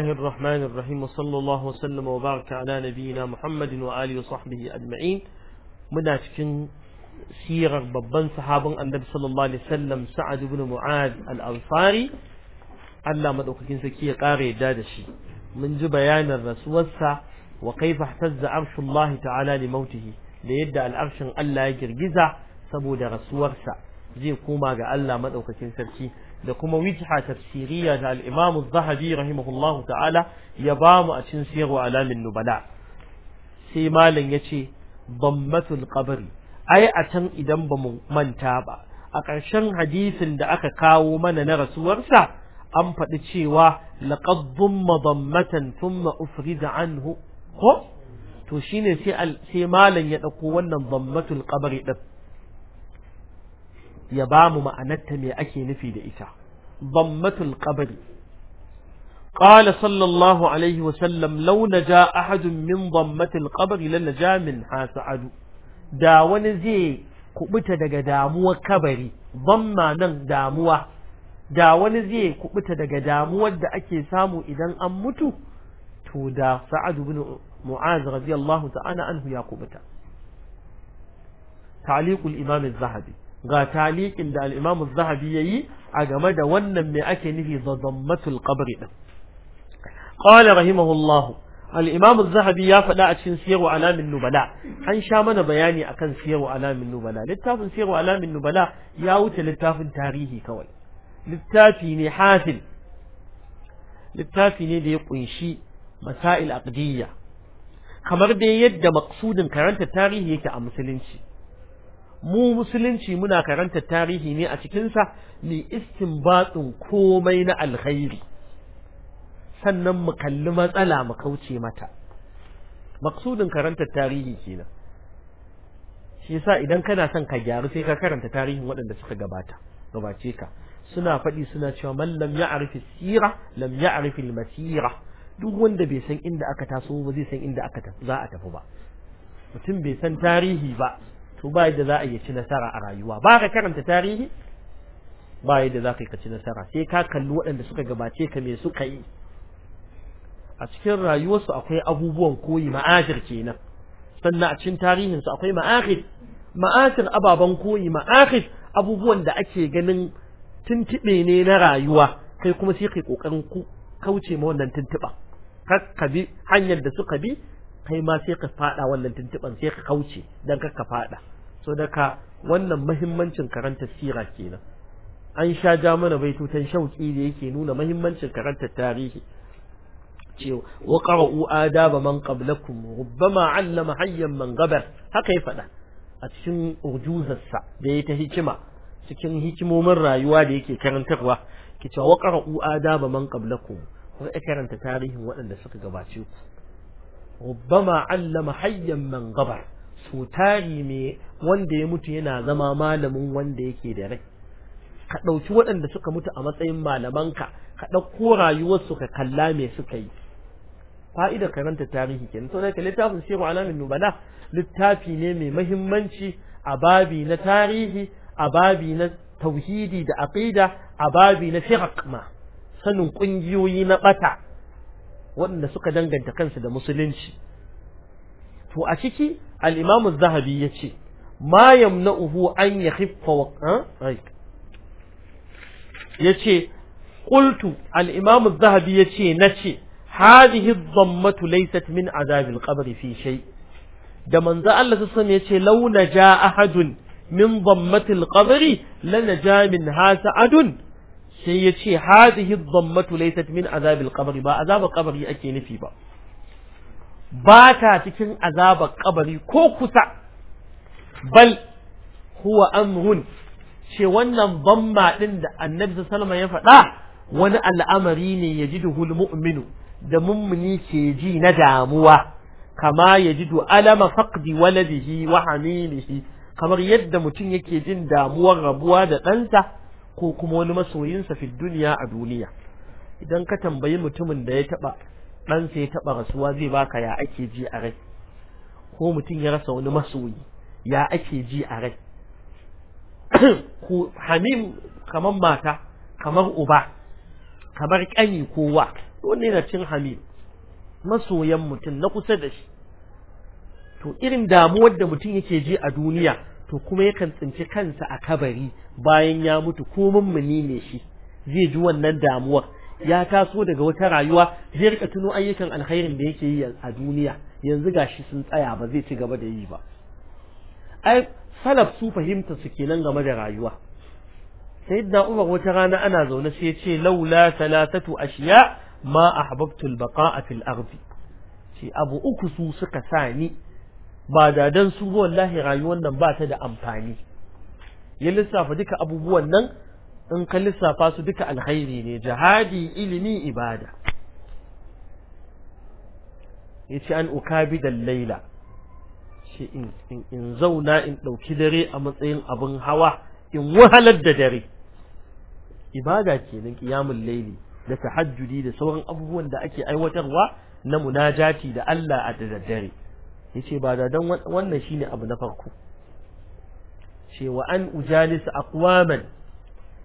الله الرحمن الرحيم وصلى الله وسلم وبارك على نبينا محمد وآله وصحبه أجمعين muna cikin sirar babban sahabin annabi sallallahu alaihi wasallam sa'ad ibn mu'ad al-ansari Allah madaukakin sarki ya kare yadda da shi mun ji bayanin rasuwarsa wa kaifa ihtazza arshullah ta'ala li mautihi da yadda al'arshin Allah ya girgiza saboda rasuwarsa zai koma ga Allah madaukakin sarki da kuma wijha tafsiriya da al-Imam az-Zahabi rahimahullahu ta'ala ya bamu a cikin siyarwa alamin nubala sai malam yace bammatul qabri ai a can idan bamu manta ba a ƙarshen hadisin da aka kawo mana na rasuwarsa an faɗi cewa laqad dhumma dhammatan thumma ufrida anhu ko to shine sai sai malam ya dauko wannan dhammatul qabri din ya bamu mu ma'anarta me ake nufi da ita dammatul qabri qala sallallahu alaihi wa sallam law ahadun min dammatil qabri la naja min hasadu da wani zai kubuta daga damuwar kabari damma nan damuwa da wani zai kubuta daga damuwar da ake samu idan an mutu to da bin ibn mu'az radiyallahu ta'ala anhu ya kubuta ta'liqul imam az-zahabi ga talikin da al zahabi ya zahabi yayi a game da wannan mai ake nufi da ƙabri ɗin din rahimahullahu al zahabi ya faɗa a cikin siyarwa Alamin Nubala an sha mana bayani akan Siyar Alamin Nubala littafin Siyar Alamin Nubala ya wuce littafin tarihi kawai littafi ne hafil littafi ne da ya kunshi masail aqdiyya kamar dai yadda maqsudin karanta tarihi yake a musulunci mu musulunci muna karanta tarihi ne a cikinsa ne istinbatsin komai na alkhairi sannan mu kalli matsala mu kauce mata maksudin karanta tarihi kenan shi yasa idan kana son ka gyaru sai ka karanta tarihin waɗanda suka gabata gabace ka suna faɗi suna cewa man lam ya'rifi sira lam ya'rifi al-masira duk wanda bai san inda aka taso ba zai san inda aka za a tafi ba mutum bai san tarihi ba to ba yadda za a yi ci nasara a rayuwa ba ka karanta tarihi ba yadda za ka ci nasara sai ka kalli waɗanda suka gabace ka me suka yi a cikin rayuwarsu akwai abubuwan koyi ma'ajir kenan sannan a cikin tarihinsu akwai ma'ajir ma'ajir ababen koyi ma'ajir abubuwan da ake ganin tuntuɓe ne na rayuwa kai kuma sai kai kokarin ku kauce ma wannan tuntuɓa kar bi hanyar da suka bi kai ma sai ka faɗa wannan tuntuban sai ka kauce dan ka faɗa. so daga wannan muhimmancin karanta sira kenan an sha ja mana baitutan shauki da yake nuna muhimmancin karanta tarihi cewa wa qara'u adaba man qablakum rubbama 'allama hayyan man gabar haka ya fada a cikin ujuzarsa da ya ta hikima cikin hikimomin rayuwa da yake karantarwa ki cewa wa qara'u adaba man qablakum ku karanta tarihin waɗanda suka gabace ku rubbama allama hayyan man gabar so me wanda ya mutu yana zama malamin wanda yake da rai ka ɗauki waɗanda suka mutu a matsayin malamanka ka ɗauko rayuwarsu ka kalla me suka yi fa'idar karanta tarihi kenan to ka littafin shehu alamin nubala littafi ne mai mahimmanci a babi na tarihi a babi na tauhidi da aqida a babi na firaq ma sanin kungiyoyi na bata waɗanda suka danganta kansu da musulunci to a ciki al zahabi ya ce na uhu an yakhiffa wa ya ce qultu al zahabi ya ce na ce hadhihi dhammatu laysat min azabil qabri fi shay da manzo Allah sallallahu alaihi ya ce na ja ahadun min dhammatil qabri lanaja min hasa adun? sai ya ce hadhihi dhammatu laysat min azabil qabri ba azabar qabri ake nufi ba ba ta cikin azabar ƙabari ko kusa bal huwa amrun ce wannan bamma din da annabi sallallahu ya faɗa wani al'amari ne duhul muminu da mummuni ke ji na damuwa kama yajidu alama faqdi waladihi wa hamilihi kamar yadda mutum yake jin damuwar rabuwa da ɗansa ko kuma wani masoyinsa fi duniya a duniya idan ka tambayi mutumin da ya taba ɗansa ya taba rasuwa zai baka ya ake ji a rai ko mutum ya rasa wani masoyi ya ake ji a rai ko hamim kamar mata kamar uba kamar ƙani kowa wani na cin hamim masoyan mutum na kusa da shi to irin damuwar da mutum yake ji a duniya to kuma yakan tsinci kansa a kabari bayan ya mutu ko mummuni ne shi zai ji wannan damuwar ya taso daga wata rayuwa zai rika tuno ayyukan alkhairin da yake yi a duniya yanzu gashi sun tsaya ba zai ci gaba da yi ba ai salaf su fahimta su kenan game da rayuwa sayyidina umar wata rana ana zaune sai ya ce laula salatatu ashiya ma ahbabtu al fil ardi shi abu uku su suka sa ni ba da dan su wallahi rayuwar nan ba ta da amfani ya lissafa duka abubuwan nan in ka lissafa su duka alkhairi ne jihadi ilimi ibada yace an ukabi dal laila shi in zauna in ɗauki dare a matsayin abin hawa in wahalar da dare ibada kenan qiyamul laili da tahajjudi da sauran abubuwan da ake aiwatarwa na munajati da Allah a daddare yace ba da dan wannan shine abu na farko cewa an ujalis aqwaman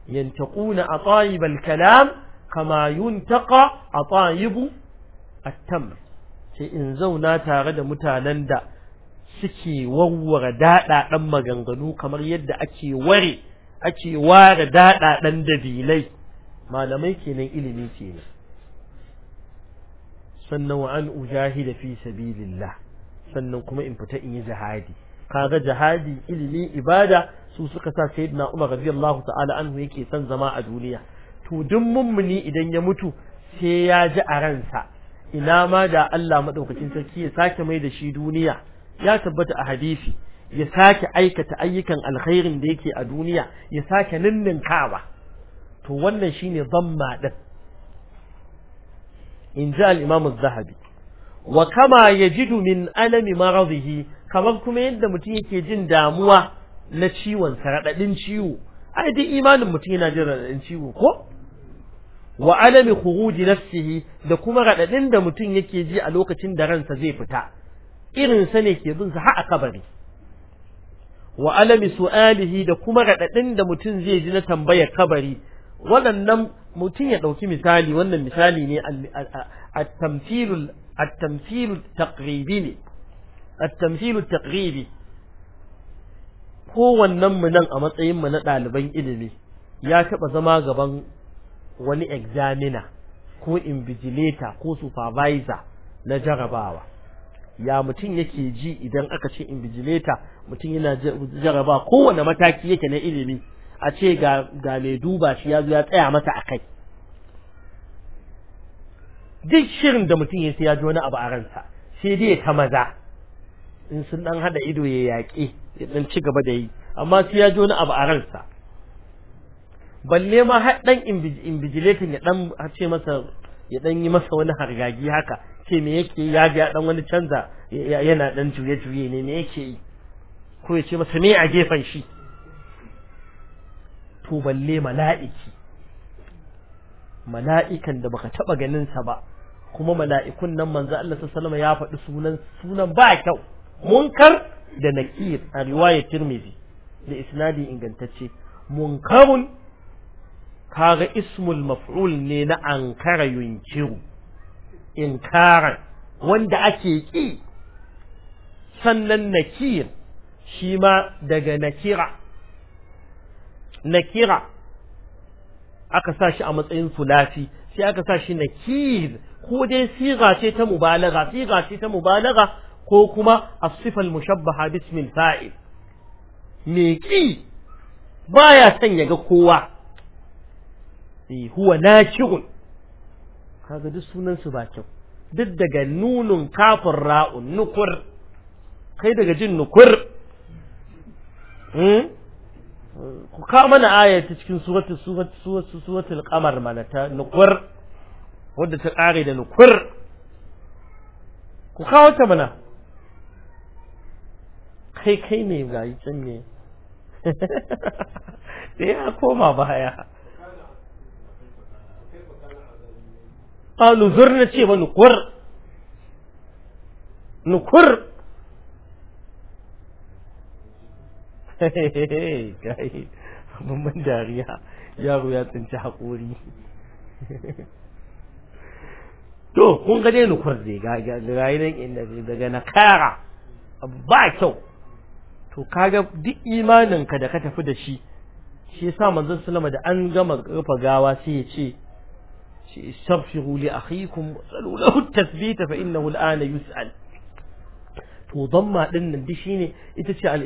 yantaquna atayib al-kalam kama a atayib at-tamr sai in zauna tare da mutanen da suke wawware daɗaɗen maganganu kamar yadda ake ware ake ware daɗaɗen dabilai malamai kenan ilimi kenan sannan wa an ujahida fi sabilillah sannan kuma in fita in yi jihadi kaga jihadi ilimi ibada su suka sa sayyidina Umar radiyallahu ta'ala anhu yake son zama a duniya to duk mummuni idan ya mutu sai ya ji a ransa ina ma da Allah madaukakin sarki ya sake mai da shi duniya ya tabbata a hadisi ya sake aikata ayyukan alkhairin da yake a duniya ya sake ninninkawa to wannan shine zamma din in ji al-Imam az-Zahabi wa kama ya ji min alami maradihi kamar kuma yadda mutum yake jin damuwa na ciwon raɗaɗin ciwo ai dai imanin mutum yana jin raɗaɗin ciwo ko wa alami khuruji nafsihi da kuma raɗaɗin da mutum yake ji a lokacin da ransa zai fita irin sane ke bin sa har kabari wa alami su'alihi da kuma raɗaɗin da mutum zai ji na tambayar kabari waɗannan mutum ya ɗauki misali wannan misali ne a tamfilul التمثيل التقريبي ne التمثيل التقريبي kowannen mu nan a matsayin mu na ɗaliban ilimi ya taɓa zama gaban wani examiner ko invigilator ko supervisor na jarabawa ya mutum yake ji idan aka ce invigilator mutum yana jarabawa kowane mataki yake na ilimi a ce ga mai duba shi ya zo ya tsaya masa a kai duk shirin da mutum ya siya ya ji wani abu a ransa sai dai ta maza in sun dan hada ido ya yaƙi ya dan ci gaba da yi amma siya ya ji abu a ransa balle ma har dan invigilating ya dan ce masa ya dan yi masa wani hargagi haka ce me yake ya ga dan wani canza yana dan juye juye ne me yake yi ko ya ce masa me a gefen shi to balle mala'iki mala'ikan da baka taba ganin sa ba kuma mala'ikun nan manzo Allah sallallahu ya faɗi sunan sunan ba kyau munkar da nakir a riwayar Tirmidhi da isnadi ingantacce munkarun kaga ismul maf'ul ne na ankara yunkiru inkara wanda ake ki sannan nakir shi ma daga nakira nakira aka sa shi a matsayin sulasi sai aka sa shi nakir ko dai siga ce ta mubalagha siga ce ta mubalagha ko kuma as-sifa al-mushabbaha bismil fa'il me ki baya san ya ga kowa eh huwa nakirun kaga duk sunan su ba kyau duk daga nunun kafin ra'un nukur kai daga jin nukur hmm? ku ka mana cikin surati surati surati surati al qamar mana ta nukur wadda ta kare da nukur ku kawo ta mana kai kai ne gayi can ne da ya koma baya qalu zurna ce ba nukur nukur hey, hey, hey, hey. babban dariya yaro ya tsinci haƙori to kun ga dai nukwar zai ga nan inda daga na kara ba kyau to kaga duk imaninka da ka tafi da shi shi yasa manzon sallama da an gama rufa gawa sai ya ce shi istaghfiru li akhikum wasalu lahu at-tathbita fa innahu al-ana yus'al to damma din nan dishi ne ita ce al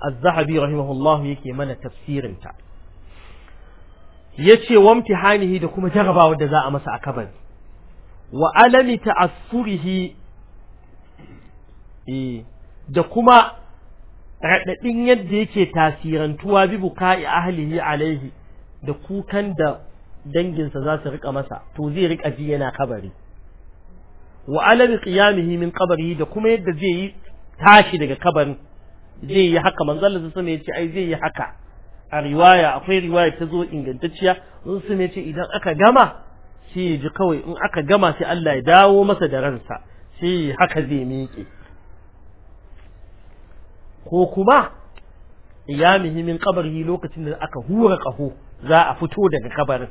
az-zahabi rahimahullahu yake mana tafsirin ta yace wa imtihanihi da kuma jarabawar da za a masa a kabari wa alami ta'assurihi eh, da kuma raɗaɗin yadda yake tasirantuwa bi buka'i ahlihi alaihi da kukan da danginsa za su rika masa to zai rika ji yana kabari wa alami qiyamihi min qabri da kuma yadda zai yi tashi daga kabarin zai yi haka manzon Allah sun ya ce ai zai yi haka a riwaya akwai riwaya ta zo ingantacciya sun ya ce idan aka gama shi ji kawai in aka gama sai Allah ya dawo masa da ransa shi haka zai miƙe ko kuma ya muhimmin kabari lokacin da aka hura ƙaho za a fito daga kabarin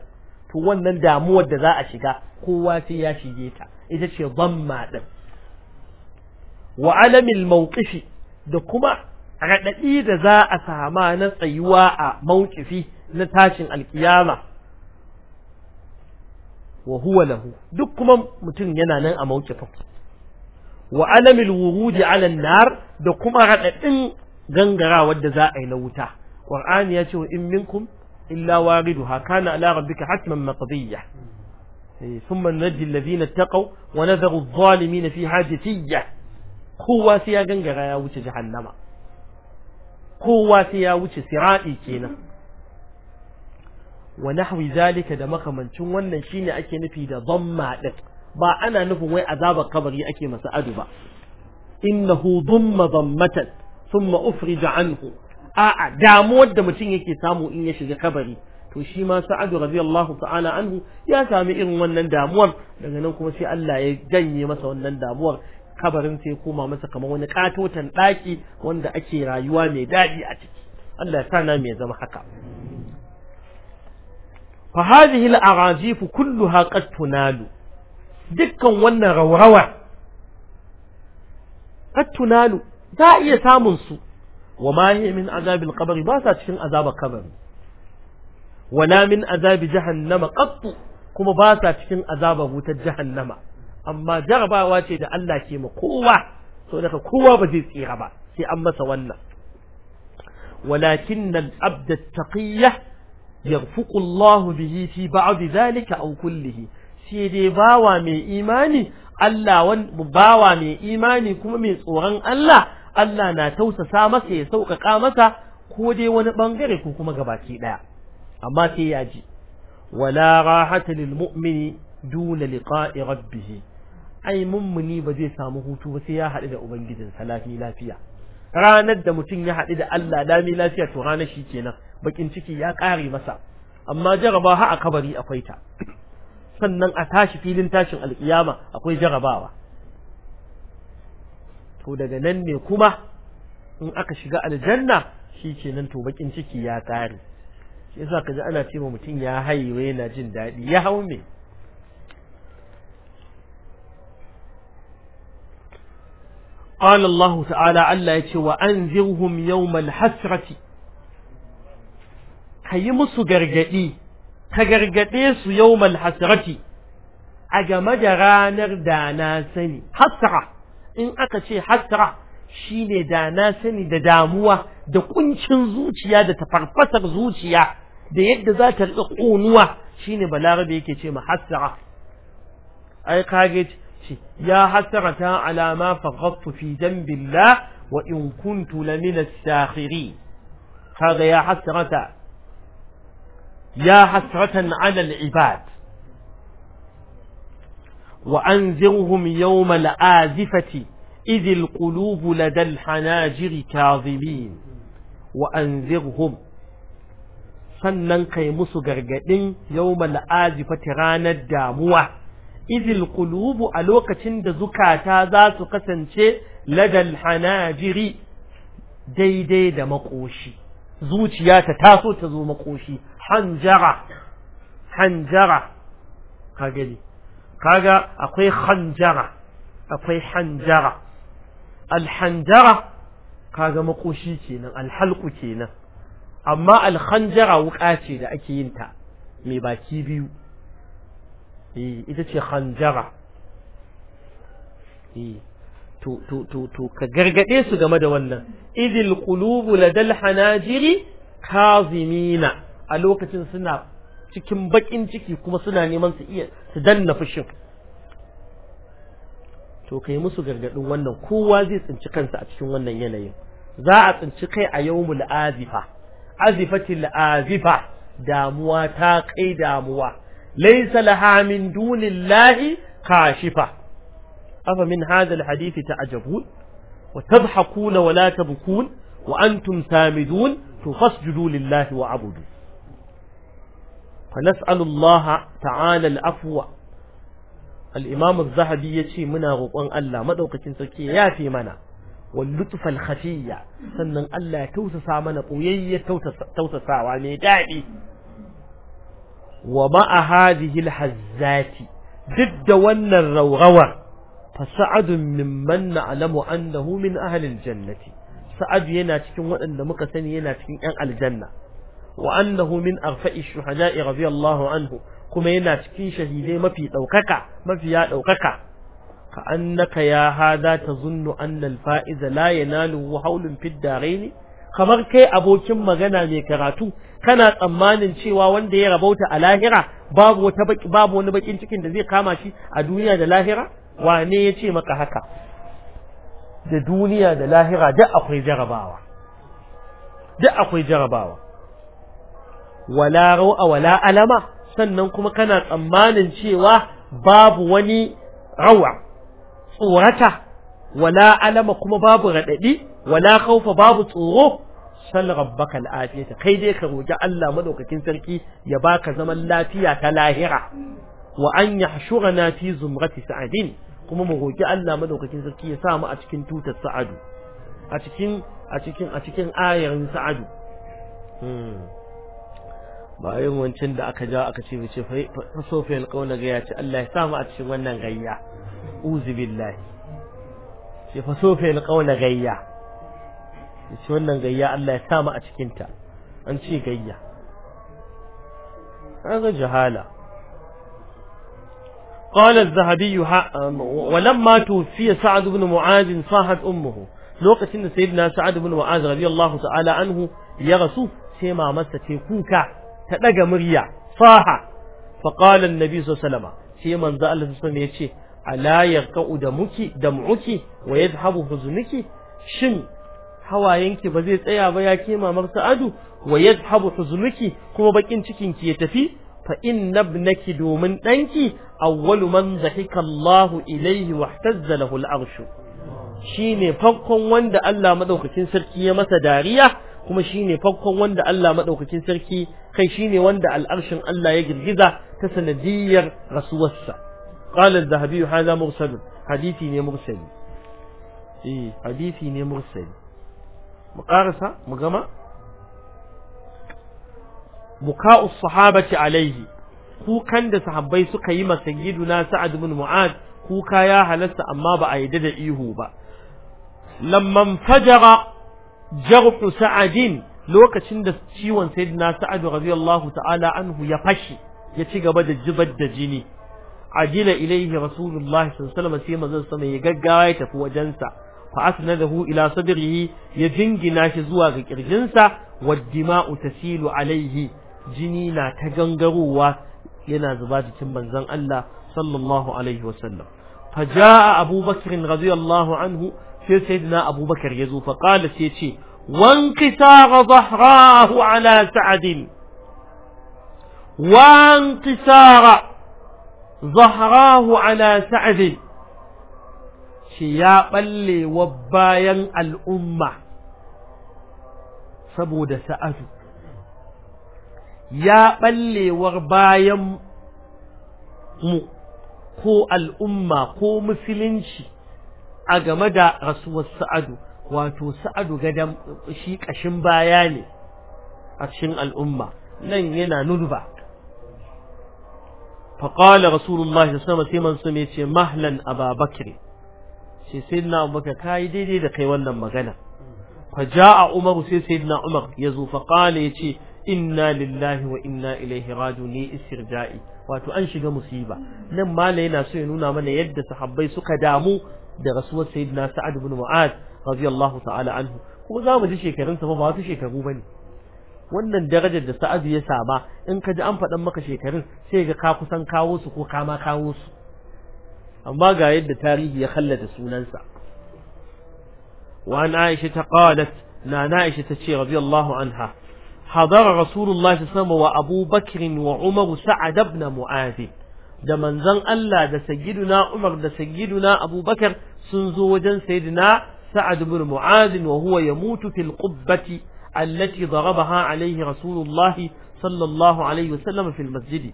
to wannan damuwar da za a shiga kowa sai ya shige ta ita ce zamma din wa alamil mawqifi da kuma raɗaɗi da za a sama na tsayuwa a mawkifi na tashin alkiyama wa huwa lahu duk kuma mutum yana nan a mawkifin wa alamil wurudi ala nar da kuma raɗaɗin gangara wadda za a yi na wuta qur'ani ya ce wa in minkum illa wariduha kana ala rabbika hatman maqdiyya ثم ننجي الذين اتقوا ونذر الظالمين فيها جثية هو سيا غنغرا يا وجه جهنم kowa sai ya wuce siradi kenan wa nahwi zalika da makamancin wannan shine ake nufi da dhamma din ba ana nufin wai azabar kabari ake masa adu ba innahu dhamma dhammatan thumma ufrija anhu a'a damuwar da mutum yake samu in ya shiga kabari to shi ma sa'adu radiyallahu ta'ala anhu ya sami irin wannan damuwar daga nan kuma sai Allah ya janye masa wannan damuwar kabarin sai koma masa kamar wani katotan daki wanda ake rayuwa mai dadi a ciki Allah ya sana mai zama haka fa hadhihi al-aghazif kulluha qad tunalu dukkan wannan rawrawa qad tunalu za a iya samun su wa ma hiya min al-qabr ba sa cikin azab azabar kabari wala min azab jahannama qad kuma ba sa cikin azab wutar jahannama amma jarabawa ce da Allah ke ma kowa so daga kowa ba zai tsira ba sai an masa wannan walakin nan abda taqiyya yaghfuqu Allah bihi fi ba'd zalika aw kullihi sai dai bawa mai imani Allah bawa mai imani kuma mai tsoron Allah Allah na tausasa masa ya sauƙaƙa masa ko dai wani bangare ko kuma gabaki daya amma sai ya ji wala rahata lil mu'mini duna liqa'i rabbih ai mummuni ba zai samu hutu ba sai ya haɗu da ubangijin lafi lafiya ranar da mutum ya haɗu da Allah dami lafiya to ranar shi kenan bakin ciki ya ƙare masa amma jaraba ha a kabari akwai ta sannan a tashi filin tashin alƙiyama akwai jarabawa to daga nan ne kuma in aka shiga aljanna shi kenan to bakin ciki ya ƙare shi yasa kaji ana cewa mutum ya haiwe yana jin daɗi ya hau me قال الله تعالى ألا يتي Ka يوم الحسرة كيمس قرقئي كقرقئيس يوم الحسرة أجم جرانر دانا سني حسرة إن أكتي حسرة shine da na sani da damuwa da kuncin zuciya da tafarfasar zuciya da yadda za ta riƙa ƙonuwa shine balarabe yake ce ma hasara يا حسرة على ما فقدت في ذنب الله وإن كنت لمن الساخرين هذا يا حسرة يا حسرة على العباد وأنذرهم يوم الآزفة إذ القلوب لدى الحناجر كاظمين وأنذرهم sannan kai musu يوم الآزفة mala'azi fa izil kulubu a lokacin da zukata za su kasance ladal hanajiri daidai da makoshi zuciya ta taso ta zo makoshi hanjara hanjara ka gani kaga akwai hanjara akwai hanjara alhanjara kaga makoshi kenan alhalku kenan amma alhanjara wuka ce da ake yin ta mai baki biyu Eh, ita ce hanjara eh, to to ka gargade su game da wannan idil kulubu ladal hanajiri kazimina a lokacin suna cikin bakin ciki kuma suna neman su iya su danna fushin to kai musu gargaɗin wannan kowa zai tsinci kansa a cikin wannan yanayin za a tsinci kai a yawmul azifa azifatil azifa damuwa ta kai damuwa ليس لها من دون الله كاشفة أفمن هذا الحديث تعجبون وتضحكون ولا تبكون وأنتم سامدون فاسجدوا لله وعبدوا فنسأل الله تعالى العفو الإمام الذهبي يشي منا غطان ألا مدوقة يا في منا واللطف الخفية سنن ألا توسسا منا قوية توسسا وعني دائي ومع هذه الحزات ضد ون الروغوة فسعد من من نعلم أنه من أهل الجنة سعد يناتك وأن مكسن يناتك أن الجنة وأنه من أغفاء الشهداء رضي الله عنه كما يناتك شهيدين ما في توقك ما في توقك فأنك يا هذا تظن أن الفائز لا يناله حول في الدارين kamar kai abokin magana mai karatu kana tsammanin cewa wanda ya rabauta a lahira babu wani bakin cikin da zai kama shi a duniya da lahira wane ya ce maka haka da duniya da lahira duk akwai jarabawa duk akwai jarabawa wala wala alama sannan kuma kana tsammanin cewa babu wani rawa tsorata wala alama kuma babu raɗaɗi wala khawfa babu tsoro sal rabbaka al'afiyata kai dai ka roki Allah madaukakin sarki ya baka zaman lafiya ta lahira wa an yahshurana fi zumrati sa'adin kuma mu roki Allah madaukakin sarki ya sa mu a cikin tutar sa'adu a cikin a cikin a cikin ayarin sa'adu hmm. bayan wancan da aka jawo aka ce mu ce fa sofi alqawla ga ya ce Allah ya sa mu a cikin wannan gayya uzu billahi ce fa sofi kauna gayya yace wannan gayya Allah ya sa mu a cikin ta an ce gayya kaga jahala قال الذهبي ولما توفي سعد بن معاذ صاحت أمه lokacin da sayyidina sa'ad ibn mu'az radiyallahu ta'ala anhu ya rasu sai mamarsa ce kuka ta daga murya faha fa qala an-nabi sallallahu sai manzo Allah sallallahu ya ce ala yaqau da muki da muki wa yadhhabu huzunuki shin hawayenki ba zai tsaya ba ya ke mamar sa'adu wa yadhhabu huznuki kuma bakin cikinki ya tafi fa inna ibnaki domin danki awwalu man zahika Allahu ilayhi wa ihtazza lahu al-arsh shine farkon wanda Allah madaukakin sarki ya masa dariya kuma shine farkon wanda Allah madaukakin sarki kai shine wanda al'arshin Allah ya girgiza ta sanadiyar rasuwarsa qala az-zahabi hadha mursal hadisi ne mursali eh hadisi ne mursali mu karasa mu gama buka'u sahabati alaihi kukan da sahabbai suka yi masa giduna sa'ad bin mu'ad kuka ya halasta amma ba a yadda da ihu ba lamman fajara jarhu sa'adin lokacin da ciwon sayyidina sa'ad radiyallahu ta'ala anhu ya fashi ya ci gaba da jibar da jini ajila ilaihi rasulullahi sallallahu alaihi wasallam sai manzon sama ya gaggawa ya tafi wajensa فأسنده إلى صدره يجنج ناش زواغ كرجنسا والدماء تسيل عليه جنينا تجنجروا ينازباد زباد زن الله صلى الله عليه وسلم فجاء أبو بكر رضي الله عنه في سيدنا أبو بكر يزو فقال سيتي وانكسار ظهراه على سعد وانكسار ظهراه على سعد ce ya ɓallewa bayan al'umma saboda sa'adu ya ɓallewar bayan mu ko al'umma ko musulunci a game da rasuwar sa'adu wato sa'adu gadon shi ƙashin baya ne a cikin al'umma nan yana nurba faƙalar rasulun mashi sama sai man su ce mahlan ababakir sai sayyidina ka yi daidai da kai wannan magana fa jaa umar sai sayyidina umar yazo fa qala yace inna lillahi wa inna ilaihi raji'un ni istirja'i wato an shiga musiba nan mala yana so ya nuna mana yadda sahabbai suka damu da rasuwar sayyidina sa'ad ibn mu'az radiyallahu ta'ala anhu kuma zamu ji shekarun sa ba wasu shekaru bane wannan darajar da sa'ad ya saba in ka ji an faɗan maka shekarun sai ga ka kusan kawo su ko ka ma kawo su amma ga yadda tarihi ya khallata sunansa wa an aisha ta qalat na na aisha ta ce radiyallahu anha hadara rasulullahi sama wa abu wa umaru sa'ad ibn mu'adh da manzon Allah da sayyiduna umar da sayyiduna abubakar sun zo wajen sayyidina sa'ad ibn mu'adh wa huwa mutu fil qubbati allati darabaha alayhi rasulullahi sallallahu alaihi wasallam fil masjidi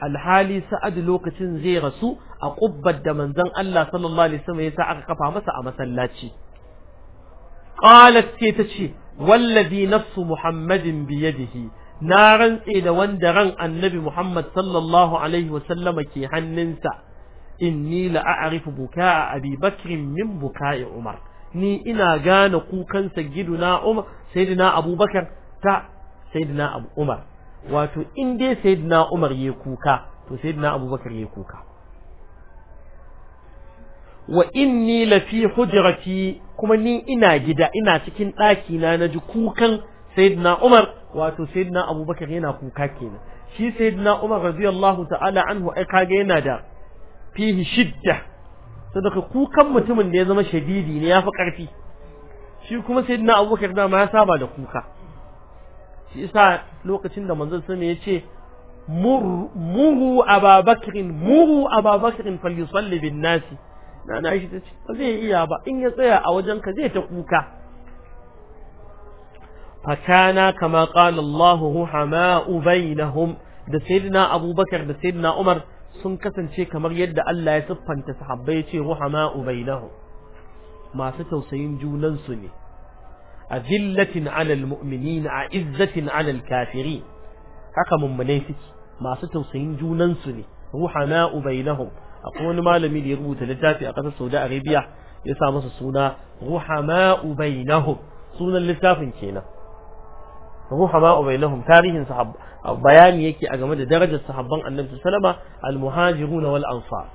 alhali sa'ad lokacin zai rasu a ƙubbar da manzon Allah sallallahu alaihi wasallam sa aka kafa masa a masallaci qalat ce tace wallazi nafsu muhammadin biyadihi na rantse da wanda ran annabi muhammad sallallahu alaihi wasallama ke hannunsa inni la a'rifu buka'a abi bakr min buka'i umar ni ina gane kukan sagiduna umar sayyidina abubakar ta sayyidina umar wato in dai sayyidina Umar ya kuka to sayyidina Abubakar ya kuka wa inni lafi hujrati kuma ni ina gida ina cikin ɗaki na naji kukan sayyidina Umar wato sayyidina Abubakar yana kuka kenan shi sayyidina Umar radiyallahu ta'ala anhu ai kage yana da fihi shidda sadaka kukan mutumin da ya zama shadidi ne yafi karfi shi kuma sayyidina Abubakar da ma ya saba da kuka yasa lokacin da manzon sun ya ce muru ababakrin muru ababakrin falyusalli bin nasi na na shi ta ce ba zai iya ba in ya tsaya a wajen ka zai ta kuka fakana kama qala ruhama bainahum da sayyidina Abubakar da sayyidina Umar sun kasance kamar yadda Allah ya siffanta sahabbai ya ce ruhama bainahum masu tausayin junansu ne a azillatin alal mu'minin a izzatin alal kafiri haka mummunai masu tausayin junansu ne ruhana ubainahum akwai wani malami da ya rubuta littafi a ƙasar Saudi Arabia ya sa masa suna ruhama ubainahum sunan littafin kenan ruhama ubainahum tarihin sahab bayani yake a game da darajar sahabban annabi sallama al-muhajirun wal ansar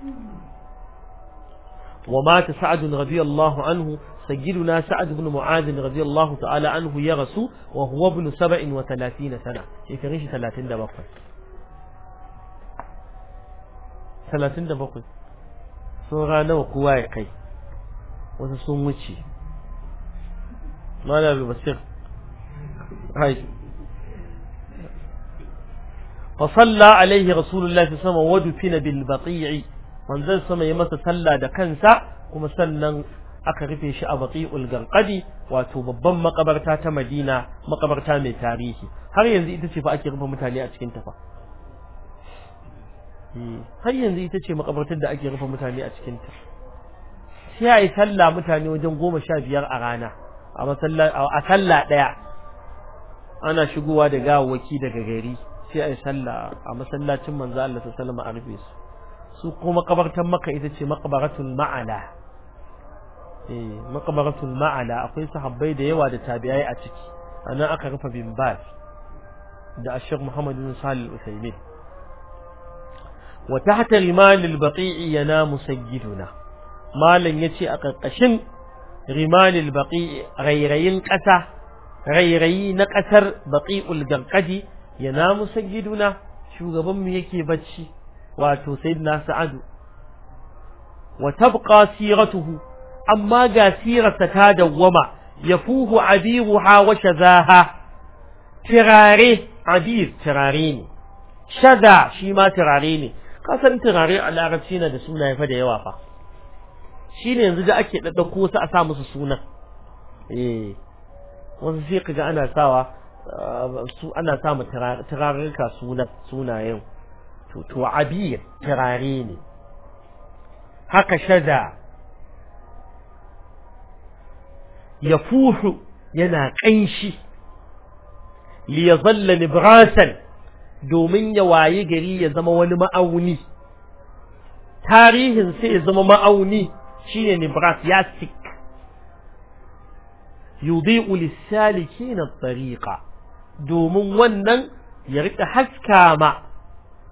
ومات sa'adun رضي الله عنه سيدنا سعد بن معاذ رضي الله تعالى عنه يغسو وهو ابن سبع وثلاثين سنة شكريش ثلاثين دبقى ثلاثين دبقى سورانا وقوايقي وتسومتشي ما لا ببصير هاي فصلى عليه رسول الله صلى الله عليه وسلم ودفن بالبقيع manzon sama ya masa sallah da kansa kuma sannan aka rufe shi a baqi'ul garqadi wato babban makabarta ta Madina makabarta mai tarihi har yanzu ita ce fa ake rufe mutane a cikin ta fa hmm. har yanzu ita ce makabartar da ake rufe mutane a cikin ta sai ai sallah mutane wajen 15 a rana a masallaci a sallah daya ana shigowa da gawawaki daga gari sai ai sallah a masallacin manzo Allah sallallahu alaihi wasallam a rufe su su kuma makabartar Makka ita ce makabaratul ma'ala eh maqbaratul ma'ala akwai sahabbai da yawa da tabi'ai a ciki anan aka rufa bin bas da ashir muhammad bin salih al-usaymin wa tahta rimal al-baqi'i yanamu sayyiduna malan yace a karkashin rimal al-baqi'i rairayin kasa rairayi na kasar baqi'ul gankadi yanamu sayyiduna shugaban mu yake bacci wato sayyidina sa'adu wa tabqa siratuhu amma ga sirarsa ta dawwama yafuhu ha wa shazaha tirare abir tirare ne shaza shi ma tirare ne kasan tirare a larabci na da suna yafa da yawa fa shine yanzu da ake ko su a sa musu suna. eh wasu sai kaga ana sawa ah, su ana sa mu suna suna sunayen to to abir turare ne haka shaza يفوح ينا قنشي ليظل نبراسا دومين يواي غري يزم ونما أوني تاريخ سي يزم ما أوني شين نبراس ياسك يضيء للسالكين الطريقة دومين ونن يرد حسكاما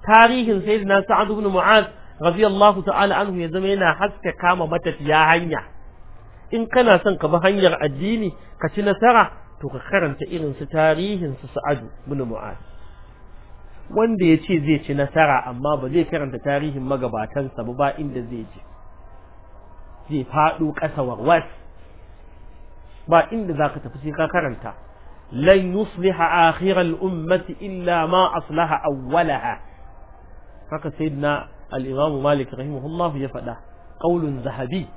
تاريخ سيدنا سعد بن معاذ رضي الله تعالى عنه يزمينا حسكاما متت يا هنيا in kana son ka bi hanyar addini ka ci nasara to ka karanta irin su tarihin su Sa'adu bin wanda ya ce zai ci nasara amma ba zai karanta tarihin magabatansa ba ba inda zai je zai faɗo ƙasa warwas ba inda za ka tafi sai ka karanta lan yusliha akhiral ummati illa ma aslaha awwalaha haka sayyidina al-imam malik rahimahullah ya faɗa qaulun zahabi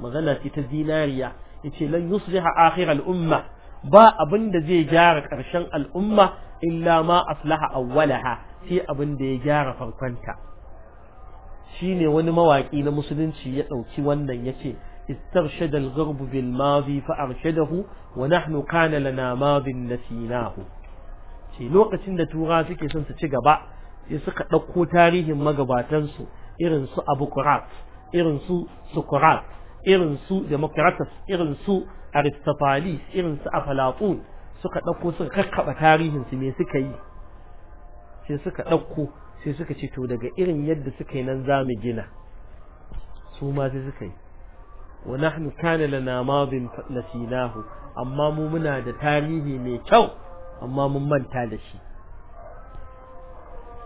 magana ce ta zinariya yace lan yusliha akhir al-umma ba abin da zai gyara ƙarshen al'umma illa ma aslaha awwalaha sai abin da ya gyara farkonta shine wani mawaki na musulunci ya dauki wannan yace استرشد الغرب بالماضي فأرشده ونحن كان لنا ماض nasinahu shi lokacin da tura suke son su ci gaba sai suka ɗauko tarihin magabatansu irin su abu kurat irin su sukurat irin su Democratus irin su Aristophanes irin su Aflatun suka ɗauko suka kakkaba tarihin su me suka yi sai suka ɗauko sai suka ce to daga irin yadda suka yi nan za mu gina su ma sai suka yi wa nahnu kana lana madin nasinahu amma mu muna da tarihi mai kyau amma mun manta da shi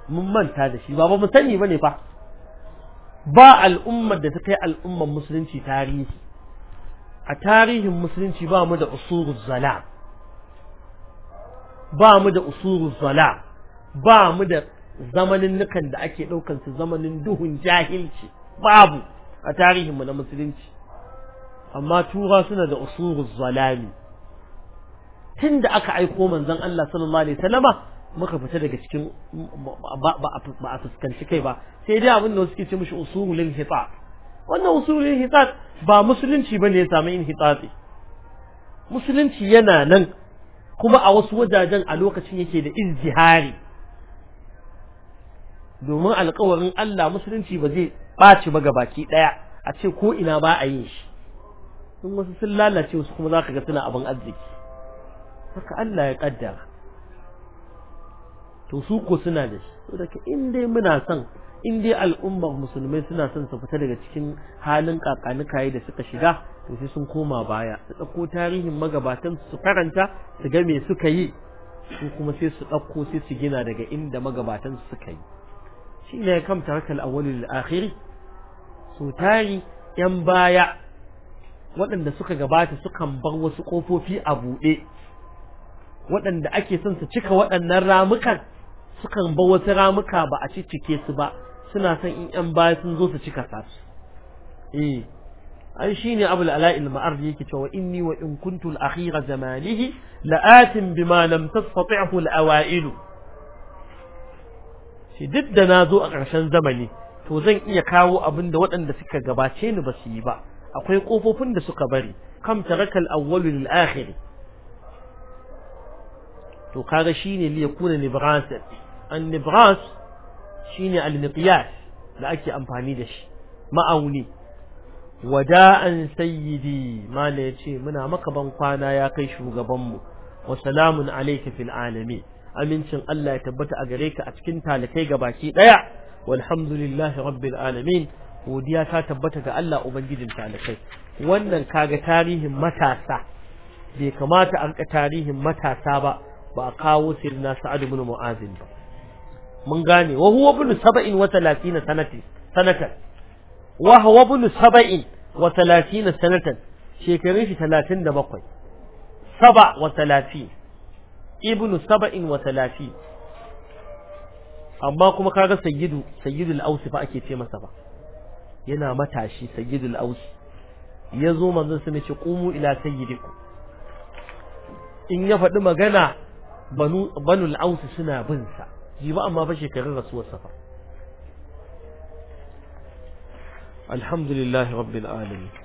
mun manta da shi ba ba mu sani bane fa ba al'ummar da ta kai al'ummar musulunci tarihi a tarihin musulunci ba mu da usurul zala ba mu da usurul zala ba mu da zamanin nukan da ake daukan su zamanin duhun jahilci babu a tarihinmu na musulunci amma tura suna da usurul zalami tun da aka aiko manzon Allah sallallahu alaihi wasallama muka fita daga cikin ba a fuskanci kai ba sai dai abin da suke ce mushi usulun hitat wannan usulun hita ba musulunci ne ya samu yin inhitati musulunci yana nan kuma a wasu wajajen a lokacin yake da izjihari domin alkawarin Allah musulunci ba zai ɓaci ba gabaki ɗaya a ce ko ina ba a yin shi in wasu sun lalace wasu kuma za ka ga suna abin arziki haka Allah ya ƙaddara to su ko suna da shi to daga in dai muna son in dai al'ummar musulmai suna son su fita daga cikin halin kakanikaye da suka shiga to sai sun koma baya su ɗauko tarihin magabatan su karanta su ga me suka yi su kuma sai su ɗauko sai su gina daga inda magabatan su suka yi shi ne kam tarakal awwalil akhiri su tari yan baya waɗanda suka gabata sukan bar wasu kofofi a buɗe waɗanda ake son su cika waɗannan ramukan sukan ba wasu ramuka ba a cike su ba suna son in yan baya sun zo su cika sa su eh an shine abul ala'il ma'ar yake cewa inni wa in kuntu al-akhira zamanihi la'atin bima lam tastati'hu al-awailu shi duk da na zo a ƙarshen zamani to zan iya kawo abin da waɗanda suka gabace ni ba su yi ba akwai ƙofofin da suka bari kam taraka al-awwalu lil akhir to kaga shine liya kuna librasan annibras shine almiqyas da ake amfani da shi ma'auni wada'an sayyidi mala yace muna maka ban kwana ya kai shugabanmu wa salamun alayka fil alamin amincin Allah ya tabbata a gare ka a cikin talakai gabaki daya walhamdulillahi rabbil alamin godiya ta tabbata ga Allah ubangijin talakai wannan kaga tarihin matasa bai kamata an ka tarihin matasa ba ba a kawo sirna sa'ad ibn mu'azin ba mun gane wa huwa ibn sab'in wa 30 sanati sanatan wa huwa ibn sab'in wa 30 sanatan shekarun shi 37 saba wa talatin, ibn saba'in wa talatin. amma kuma kaga sayyidu sayyidul ausi fa ake ce masa ba yana matashi sayyidul ausi yazo manzon sa ne ce qumu ila sayyidikum in ya faɗi magana banu banul ausi suna bin sa ba amma fa shekarun rasuwar safa alhamdulillahi rabbil alamin